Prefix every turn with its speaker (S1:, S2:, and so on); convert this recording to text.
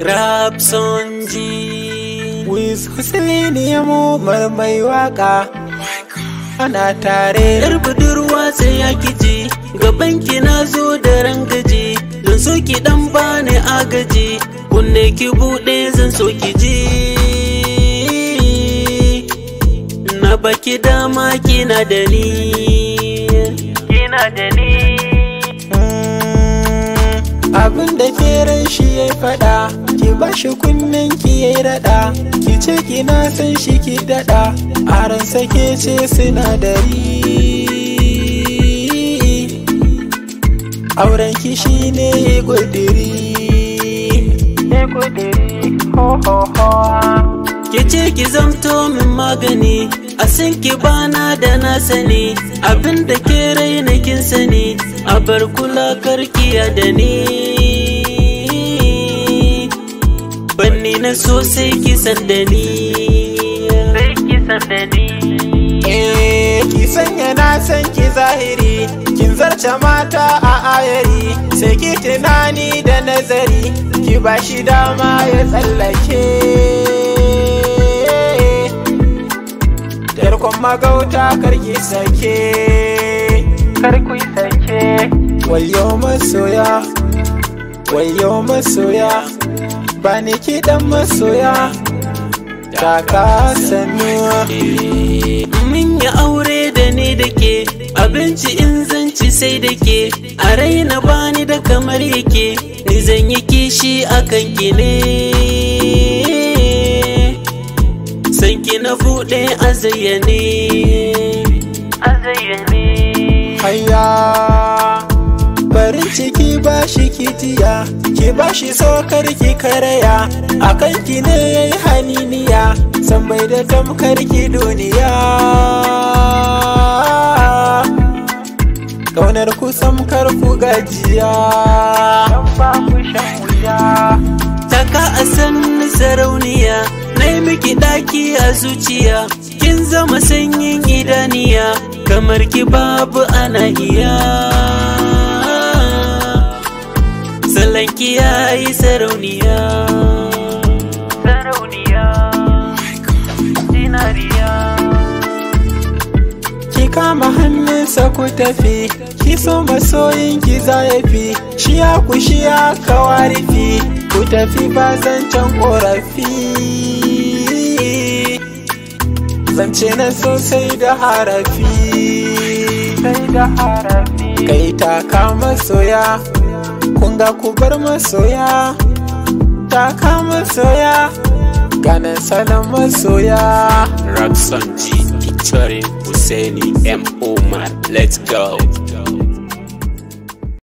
S1: Rap Sonji With Hussaini Yamo mai waka Ana tare Yar
S2: budurwa sai ya kiji Gaban ki na zo da rangaji Don so ki dan bani agaji Kunne ki bude zan so ki ji Na baki dama kina da ni
S1: Kina da ni abin da feren shi ya faɗa ki ba shi kunnen ki ya raɗa ki ce ki na san shi ki daɗa a ran sake ce sinadari auren ki shi ne ya ho.
S2: ki ce ki zamto min magani a sinki bana da na sani abinda da ke raina kin sani a bar kula karkiya da ni banni na so sai kisan da ni
S1: sai kisan da ni eh san ki zahiri kin zarce mata a ayari sai ki tunani da nazari ki bashi dama ya tsallake magauta karki sake karki sake wayo masoya wayo masoya ba ni kiɗan masoya ta kasanuwa min ya aure da ni
S2: dake abinci in zanci sai dake a raina bani da kamar yake ni zan yi kishi akan ki ne na buɗe a zayyane
S1: haya farin ciki ba shi kitiya ki ba shi saukar ki karaya a kanki ne ya yi haniniya san mai da tamkar ki duniya Kaunar ku samkar ku gajiya taka a san sarauni
S2: miki ɗaki a zuciya kin zama sanyin idaniya kamar ki babu ana iya salanki ya yi sarauniya
S1: sarauniya dinariya ki kama hannunsa ku tafi ki so masoyin ki fi shi ya ku shiya ya kawarifi ku tafi ba can korafi zance na sosai da harafi kai taka masoya kunga ku bar masoya taka masoya ganin salon masoya
S2: Rakson G, Kichori, Hussaini, M. Omar, let's go.